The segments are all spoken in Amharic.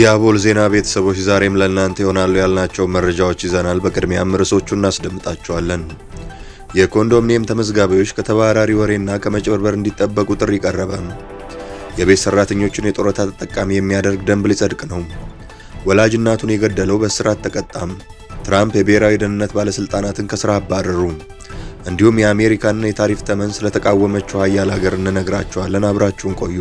የአቦል ዜና ቤተሰቦች ዛሬም ለእናንተ ይሆናሉ ያልናቸው መረጃዎች ይዘናል። በቅድሚያም ርዕሶቹ እናስደምጣቸዋለን። የኮንዶሚኒየም ተመዝጋቢዎች ከተባራሪ ወሬና ከመጭበርበር እንዲጠበቁ ጥሪ ቀረበ። የቤት ሰራተኞችን የጡረታ ተጠቃሚ የሚያደርግ ደንብ ሊጸድቅ ነው። ወላጅ እናቱን የገደለው በእስራት ተቀጣም። ትራምፕ የብሔራዊ ደህንነት ባለሥልጣናትን ከሥራ አባረሩ። እንዲሁም የአሜሪካንን የታሪፍ ተመን ስለተቃወመችው ሀያል ሀገር እንነግራችኋለን። አብራችሁን ቆዩ።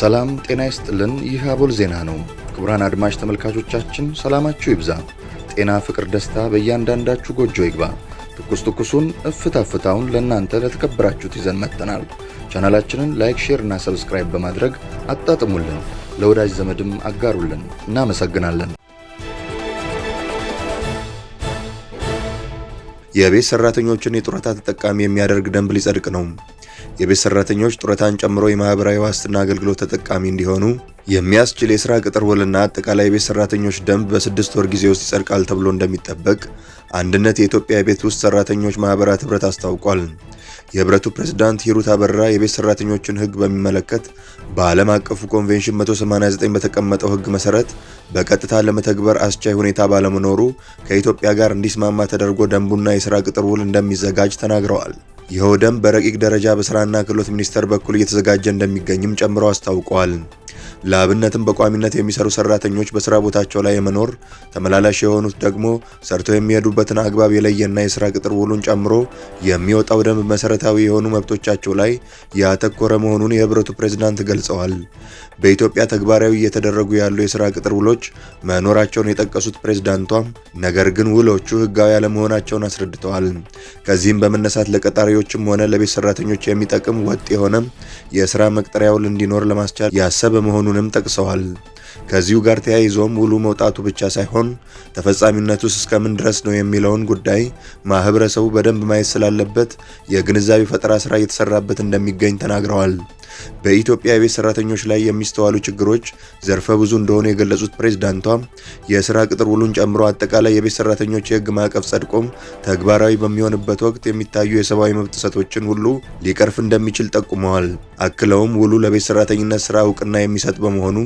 ሰላም ጤና ይስጥልን። ይህ አቦል ዜና ነው። ክቡራን አድማጭ ተመልካቾቻችን ሰላማችሁ ይብዛ፣ ጤና፣ ፍቅር፣ ደስታ በእያንዳንዳችሁ ጎጆ ይግባ። ትኩስ ትኩሱን እፍታ ፍታውን ለእናንተ ለተከበራችሁት ይዘን መጥተናል። ቻናላችንን ላይክ፣ ሼር እና ሰብስክራይብ በማድረግ አጣጥሙልን፣ ለወዳጅ ዘመድም አጋሩልን። እናመሰግናለን። የቤት ሰራተኞችን የጡረታ ተጠቃሚ የሚያደርግ ደንብ ሊጸድቅ ነው። የቤት ሰራተኞች ጡረታን ጨምሮ የማህበራዊ ዋስትና አገልግሎት ተጠቃሚ እንዲሆኑ የሚያስችል የስራ ቅጥር ውልና አጠቃላይ የቤት ሰራተኞች ደንብ በስድስት ወር ጊዜ ውስጥ ይጸድቃል ተብሎ እንደሚጠበቅ አንድነት የኢትዮጵያ የቤት ውስጥ ሰራተኞች ማህበራት ህብረት አስታውቋል። የህብረቱ ፕሬዝዳንት ሂሩት አበራ የቤት ሰራተኞችን ህግ በሚመለከት በዓለም አቀፉ ኮንቬንሽን 189 በተቀመጠው ህግ መሰረት በቀጥታ ለመተግበር አስቻይ ሁኔታ ባለመኖሩ ከኢትዮጵያ ጋር እንዲስማማ ተደርጎ ደንቡና የስራ ቅጥር ውል እንደሚዘጋጅ ተናግረዋል። ይኸው ደንብ በረቂቅ ደረጃ በስራና ክህሎት ሚኒስቴር በኩል እየተዘጋጀ እንደሚገኝም ጨምሮ አስታውቋል ለአብነትም በቋሚነት የሚሰሩ ሰራተኞች በስራ ቦታቸው ላይ የመኖር ተመላላሽ የሆኑት ደግሞ ሰርተው የሚሄዱበትን አግባብ የለየና የስራ ቅጥር ውሉን ጨምሮ የሚወጣው ደንብ መሰረታዊ የሆኑ መብቶቻቸው ላይ ያተኮረ መሆኑን የህብረቱ ፕሬዝዳንት ገልጸዋል። በኢትዮጵያ ተግባራዊ እየተደረጉ ያሉ የስራ ቅጥር ውሎች መኖራቸውን የጠቀሱት ፕሬዝዳንቷም ነገር ግን ውሎቹ ህጋዊ አለመሆናቸውን አስረድተዋል። ከዚህም በመነሳት ለቀጣሪዎችም ሆነ ለቤት ሰራተኞች የሚጠቅም ወጥ የሆነ የስራ መቅጠሪያ ውል እንዲኖር ለማስቻል ያሰበ መሆኑን መሆኑንም ጠቅሰዋል። ከዚሁ ጋር ተያይዞም ውሉ መውጣቱ ብቻ ሳይሆን ተፈጻሚነቱስ እስከምን ድረስ ነው የሚለውን ጉዳይ ማህበረሰቡ በደንብ ማየት ስላለበት የግንዛቤ ፈጠራ ስራ እየተሰራበት እንደሚገኝ ተናግረዋል። በኢትዮጵያ የቤት ሰራተኞች ላይ የሚስተዋሉ ችግሮች ዘርፈ ብዙ እንደሆኑ የገለጹት ፕሬዝዳንቷ የስራ ቅጥር ውሉን ጨምሮ አጠቃላይ የቤት ሰራተኞች የህግ ማዕቀፍ ጸድቆም ተግባራዊ በሚሆንበት ወቅት የሚታዩ የሰብአዊ መብት ጥሰቶችን ሁሉ ሊቀርፍ እንደሚችል ጠቁመዋል። አክለውም ውሉ ለቤት ሰራተኝነት ስራ እውቅና የሚሰጥ በመሆኑ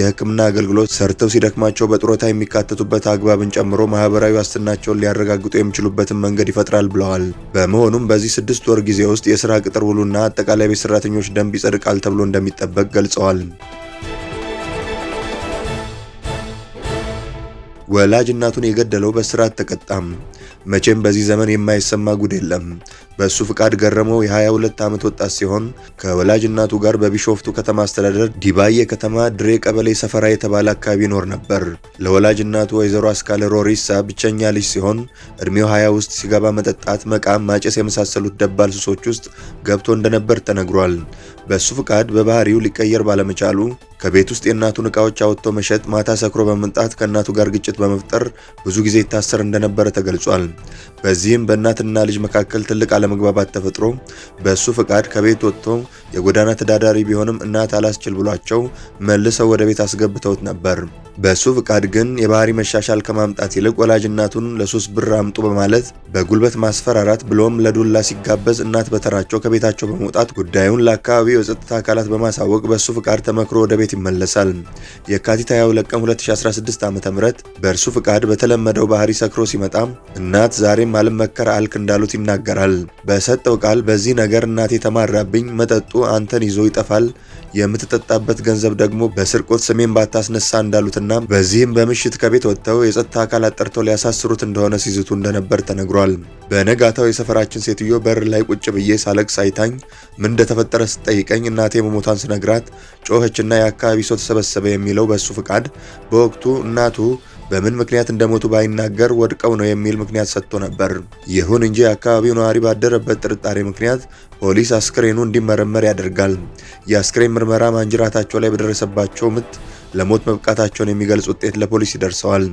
የህክምና የሕክምና አገልግሎት ሰርተው ሲደክማቸው በጡረታ የሚካተቱበት አግባብን ጨምሮ ማህበራዊ ዋስትናቸውን ሊያረጋግጡ የሚችሉበትን መንገድ ይፈጥራል ብለዋል። በመሆኑም በዚህ ስድስት ወር ጊዜ ውስጥ የስራ ቅጥር ውሉና አጠቃላይ ቤት ሰራተኞች ደንብ ይጸድቃል ተብሎ እንደሚጠበቅ ገልጸዋል። ወላጅ እናቱን የገደለው በእስራት ተቀጣም። መቼም በዚህ ዘመን የማይሰማ ጉድ የለም። በእሱ ፍቃድ ገረመው የ22 ዓመት ወጣት ሲሆን ከወላጅ እናቱ ጋር በቢሾፍቱ ከተማ አስተዳደር ዲባዬ ከተማ ድሬ ቀበሌ ሰፈራ የተባለ አካባቢ ይኖር ነበር። ለወላጅ እናቱ ወይዘሮ አስካለ ሮሪሳ ብቸኛ ልጅ ሲሆን እድሜው 20 ውስጥ ሲገባ መጠጣት፣ መቃም፣ ማጨስ የመሳሰሉት ደባል ሱሶች ውስጥ ገብቶ እንደነበር ተነግሯል። በእሱ ፍቃድ በባህሪው ሊቀየር ባለመቻሉ ከቤት ውስጥ የእናቱን እቃዎች አወጥቶ መሸጥ፣ ማታ ሰክሮ በመምጣት ከእናቱ ጋር ግጭት በመፍጠር ብዙ ጊዜ ይታሰር እንደነበረ ተገልጿል። በዚህም በእናትና ልጅ መካከል ትልቅ አለመግባባት ተፈጥሮ በእሱ ፍቃድ ከቤት ወጥቶ የጎዳና ተዳዳሪ ቢሆንም እናት አላስችል ብሏቸው መልሰው ወደ ቤት አስገብተውት ነበር። በእሱ ፍቃድ ግን የባህሪ መሻሻል ከማምጣት ይልቅ ወላጅ እናቱን ለሶስት ብር አምጡ በማለት በጉልበት ማስፈራራት ብሎም ለዱላ ሲጋበዝ እናት በተራቸው ከቤታቸው በመውጣት ጉዳዩን ለአካባቢው የጸጥታ አካላት በማሳወቅ በእሱ ፍቃድ ተመክሮ ወደ ቤት ይመለሳል። የካቲት 22 ቀን 2016 ም በእርሱ ፍቃድ በተለመደው ባህሪ ሰክሮ ሲመጣ እና እናት ዛሬም አልመከር አልክ እንዳሉት ይናገራል። በሰጠው ቃል በዚህ ነገር እናቴ ተማራብኝ፣ መጠጡ አንተን ይዞ ይጠፋል፣ የምትጠጣበት ገንዘብ ደግሞ በስርቆት ስሜን ባታስነሳ እንዳሉትና በዚህም በምሽት ከቤት ወጥተው የጸጥታ አካላት ጠርተው ሊያሳስሩት እንደሆነ ሲዝቱ እንደነበር ተነግሯል። በነጋታው የሰፈራችን ሴትዮ በር ላይ ቁጭ ብዬ ሳለቅስ አይታኝ ምን እንደተፈጠረ ስጠይቀኝ እናቴ መሞቷን ስነግራት ጮኸችና የአካባቢ ሰው ተሰበሰበ የሚለው በሱ ፍቃድ በወቅቱ እናቱ በምን ምክንያት እንደሞቱ ባይናገር ወድቀው ነው የሚል ምክንያት ሰጥቶ ነበር። ይሁን እንጂ የአካባቢው ነዋሪ ባደረበት ጥርጣሬ ምክንያት ፖሊስ አስክሬኑ እንዲመረመር ያደርጋል። የአስክሬን ምርመራ ማንጅራታቸው ላይ በደረሰባቸው ምት ለሞት መብቃታቸውን የሚገልጽ ውጤት ለፖሊስ ይደርሰዋል።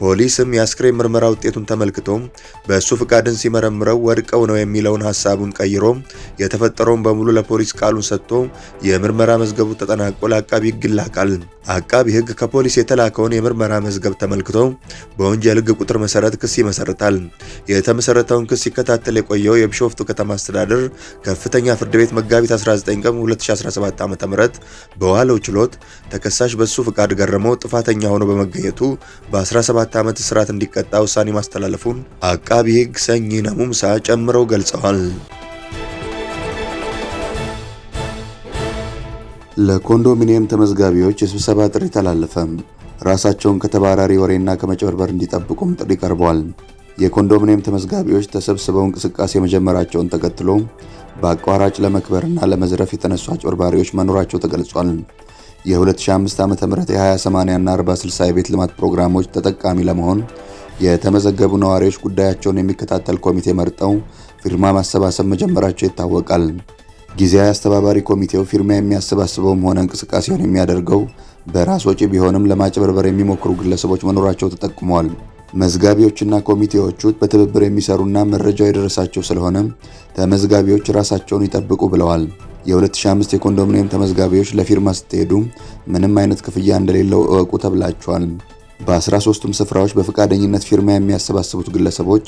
ፖሊስም የአስክሬን ምርመራ ውጤቱን ተመልክቶ በእሱ ፍቃድን ሲመረምረው ወድቀው ነው የሚለውን ሀሳቡን ቀይሮ የተፈጠረውን በሙሉ ለፖሊስ ቃሉን ሰጥቶ የምርመራ መዝገቡ ተጠናቆ ለአቃቢ ህግ ይላካል። አቃቢ ህግ ከፖሊስ የተላከውን የምርመራ መዝገብ ተመልክቶ በወንጀል ህግ ቁጥር መሰረት ክስ ይመሰርታል። የተመሰረተውን ክስ ሲከታተል የቆየው የቢሾፍቱ ከተማ አስተዳደር ከፍተኛ ፍርድ ቤት መጋቢት 19 ቀን 2017 ዓ.ም በዋለው ችሎት ተከሳሽ በሱ ፍቃድ ገረመው ጥፋተኛ ሆኖ በመገኘቱ በ17 ዓመት እስራት እንዲቀጣ ውሳኔ ማስተላለፉን አቃቢ ሕግ ሰኝ ነሙምሳ ጨምረው ገልጸዋል። ለኮንዶሚኒየም ተመዝጋቢዎች የስብሰባ ጥሪ ተላለፈም። ራሳቸውን ከተባራሪ ወሬና ከመጨበርበር እንዲጠብቁም ጥሪ ቀርቧል። የኮንዶሚኒየም ተመዝጋቢዎች ተሰብስበው እንቅስቃሴ መጀመራቸውን ተከትሎ በአቋራጭ ለመክበርና ለመዝረፍ የተነሱ አጭበርባሪዎች መኖራቸው ተገልጿል። የ2005 ዓ.ም የ 20 ና እና 40/60 የቤት ልማት ፕሮግራሞች ተጠቃሚ ለመሆን የተመዘገቡ ነዋሪዎች ጉዳያቸውን የሚከታተል ኮሚቴ መርጠው ፊርማ ማሰባሰብ መጀመራቸው ይታወቃል። ጊዜያዊ አስተባባሪ ኮሚቴው ፊርማ የሚያሰባስበውም ሆነ እንቅስቃሴውን የሚያደርገው በራስ ወጪ ቢሆንም ለማጭበርበር የሚሞክሩ ግለሰቦች መኖራቸው ተጠቅመዋል። መዝጋቢዎችና ኮሚቴዎቹ በትብብር የሚሰሩና መረጃው የደረሳቸው ስለሆነም ተመዝጋቢዎች ራሳቸውን ይጠብቁ ብለዋል። የ2005 የኮንዶሚኒየም ተመዝጋቢዎች ለፊርማ ስትሄዱ ምንም አይነት ክፍያ እንደሌለው እወቁ ተብላቸዋል። በ በ13ቱም ስፍራዎች በፈቃደኝነት ፊርማ የሚያሰባስቡት ግለሰቦች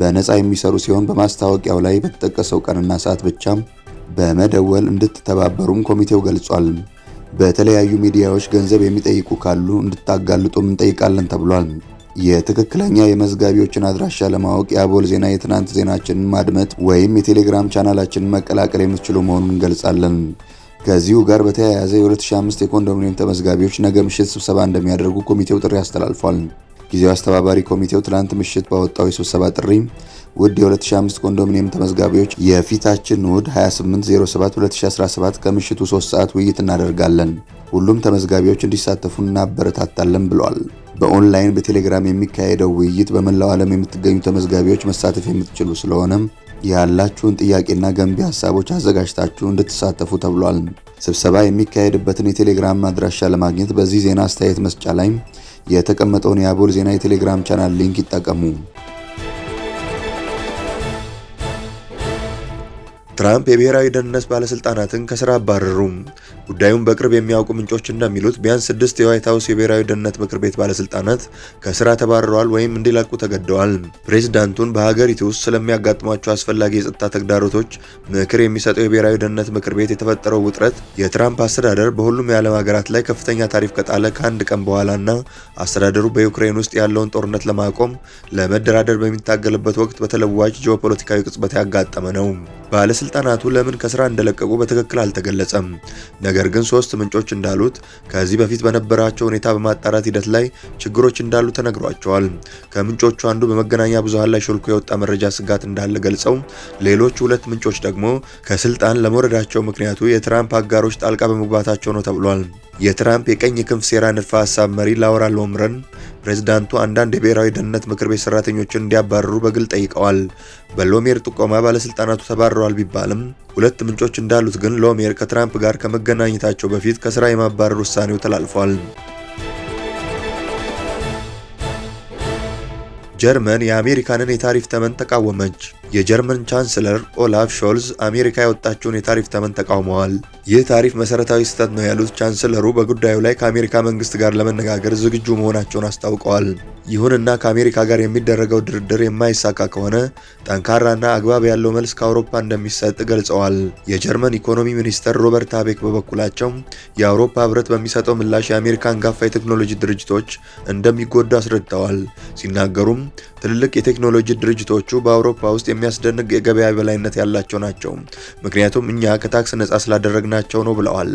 በነፃ የሚሰሩ ሲሆን በማስታወቂያው ላይ በተጠቀሰው ቀንና ሰዓት ብቻ በመደወል እንድትተባበሩም ኮሚቴው ገልጿል። በተለያዩ ሚዲያዎች ገንዘብ የሚጠይቁ ካሉ እንድታጋልጡም እንጠይቃለን ተብሏል። የትክክለኛ የመዝጋቢዎችን አድራሻ ለማወቅ የአቦል ዜና የትናንት ዜናችንን ማድመጥ ወይም የቴሌግራም ቻናላችንን መቀላቀል የምትችሉ መሆኑን እንገልጻለን። ከዚሁ ጋር በተያያዘ የ2005 የኮንዶሚኒየም ተመዝጋቢዎች ነገ ምሽት ስብሰባ እንደሚያደርጉ ኮሚቴው ጥሪ አስተላልፏል። ጊዜው አስተባባሪ ኮሚቴው ትናንት ምሽት ባወጣው የስብሰባ ጥሪ ውድ የ2005 ኮንዶሚኒየም ተመዝጋቢዎች የፊታችን እሁድ 28 2017 ከምሽቱ 3 ሰዓት ውይይት እናደርጋለን። ሁሉም ተመዝጋቢዎች እንዲሳተፉ እናበረታታለን ብሏል። በኦንላይን በቴሌግራም የሚካሄደው ውይይት በመላው ዓለም የምትገኙ ተመዝጋቢዎች መሳተፍ የምትችሉ ስለሆነም ያላችሁን ጥያቄና ገንቢ ሀሳቦች አዘጋጅታችሁ እንድትሳተፉ ተብሏል። ስብሰባ የሚካሄድበትን የቴሌግራም አድራሻ ለማግኘት በዚህ ዜና አስተያየት መስጫ ላይ የተቀመጠውን የአቦል ዜና የቴሌግራም ቻናል ሊንክ ይጠቀሙ። ትራምፕ የብሔራዊ ደህንነት ባለስልጣናትን ከስራ አባረሩም። ጉዳዩን በቅርብ የሚያውቁ ምንጮች እንደሚሉት ቢያንስ ስድስት የዋይት ሀውስ የብሔራዊ ደህንነት ምክር ቤት ባለስልጣናት ከስራ ተባርረዋል ወይም እንዲለቁ ተገደዋል። ፕሬዚዳንቱን በሀገሪቱ ውስጥ ስለሚያጋጥሟቸው አስፈላጊ የጸጥታ ተግዳሮቶች ምክር የሚሰጠው የብሔራዊ ደህንነት ምክር ቤት የተፈጠረው ውጥረት የትራምፕ አስተዳደር በሁሉም የዓለም ሀገራት ላይ ከፍተኛ ታሪፍ ከጣለ ከአንድ ቀን በኋላና አስተዳደሩ በዩክሬን ውስጥ ያለውን ጦርነት ለማቆም ለመደራደር በሚታገልበት ወቅት በተለዋጭ ጂኦፖለቲካዊ ቅጽበት ያጋጠመ ነው። ባለስልጣናቱ ለምን ከስራ እንደለቀቁ በትክክል አልተገለጸም። ነገር ግን ሶስት ምንጮች እንዳሉት ከዚህ በፊት በነበራቸው ሁኔታ በማጣራት ሂደት ላይ ችግሮች እንዳሉ ተነግሯቸዋል። ከምንጮቹ አንዱ በመገናኛ ብዙሃን ላይ ሾልኮ የወጣ መረጃ ስጋት እንዳለ ገልጸው፣ ሌሎች ሁለት ምንጮች ደግሞ ከስልጣን ለመውረዳቸው ምክንያቱ የትራምፕ አጋሮች ጣልቃ በመግባታቸው ነው ተብሏል። የትራምፕ የቀኝ ክንፍ ሴራ ንድፈ ሀሳብ መሪ ላውራ ሎምረን ፕሬዚዳንቱ አንዳንድ የብሔራዊ ደህንነት ምክር ቤት ሰራተኞችን እንዲያባረሩ በግል ጠይቀዋል። በሎሜር ጥቆማ ባለስልጣናቱ ተባረዋል ቢባልም ሁለት ምንጮች እንዳሉት ግን ሎሜር ከትራምፕ ጋር ከመገናኘታቸው በፊት ከስራ የማባረር ውሳኔው ተላልፏል። ጀርመን የአሜሪካንን የታሪፍ ተመን ተቃወመች። የጀርመን ቻንስለር ኦላፍ ሾልዝ አሜሪካ ያወጣችውን የታሪፍ ተመን ተቃውመዋል። ይህ ታሪፍ መሰረታዊ ስህተት ነው ያሉት ቻንስለሩ በጉዳዩ ላይ ከአሜሪካ መንግስት ጋር ለመነጋገር ዝግጁ መሆናቸውን አስታውቀዋል። ይሁንና ከአሜሪካ ጋር የሚደረገው ድርድር የማይሳካ ከሆነ ጠንካራና አግባብ ያለው መልስ ከአውሮፓ እንደሚሰጥ ገልጸዋል። የጀርመን ኢኮኖሚ ሚኒስተር ሮበርት አቤክ በበኩላቸው የአውሮፓ ህብረት በሚሰጠው ምላሽ የአሜሪካ አንጋፋ የቴክኖሎጂ ድርጅቶች እንደሚጎዱ አስረድተዋል። ሲናገሩም ትልልቅ የቴክኖሎጂ ድርጅቶቹ በአውሮፓ ውስጥ የሚያስደንቅ የገበያ በላይነት ያላቸው ናቸው፣ ምክንያቱም እኛ ከታክስ ነፃ ስላደረግናቸው ነው ብለዋል።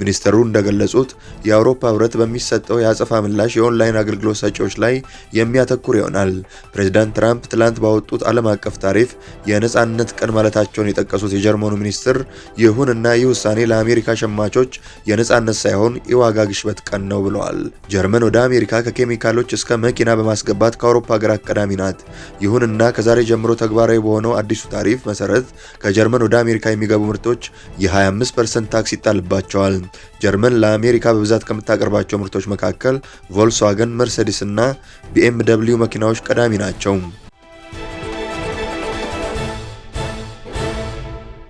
ሚኒስተሩ እንደገለጹት የአውሮፓ ህብረት በሚሰጠው የአጸፋ ምላሽ የኦንላይን አገልግሎት ሰጪዎች ላይ የሚያተኩር ይሆናል። ፕሬዚዳንት ትራምፕ ትላንት ባወጡት ዓለም አቀፍ ታሪፍ የነፃነት ቀን ማለታቸውን የጠቀሱት የጀርመኑ ሚኒስትር ይሁንና ይህ ውሳኔ ለአሜሪካ ሸማቾች የነፃነት ሳይሆን የዋጋ ግሽበት ቀን ነው ብለዋል። ጀርመን ወደ አሜሪካ ከኬሚካሎች እስከ መኪና በማስገባት ከአውሮፓ ሀገራት ቀዳሚ ናት። ይሁንና ከዛሬ ጀምሮ ተግባራዊ በሆነው አዲሱ ታሪፍ መሰረት ከጀርመን ወደ አሜሪካ የሚገቡ ምርቶች የ25 ፐርሰንት ታክስ ይጣልባቸዋል። ጀርመን ለአሜሪካ በብዛት ከምታቀርባቸው ምርቶች መካከል ቮልስዋገን፣ መርሴዲስ እና ቢኤምደብሊው መኪናዎች ቀዳሚ ናቸው።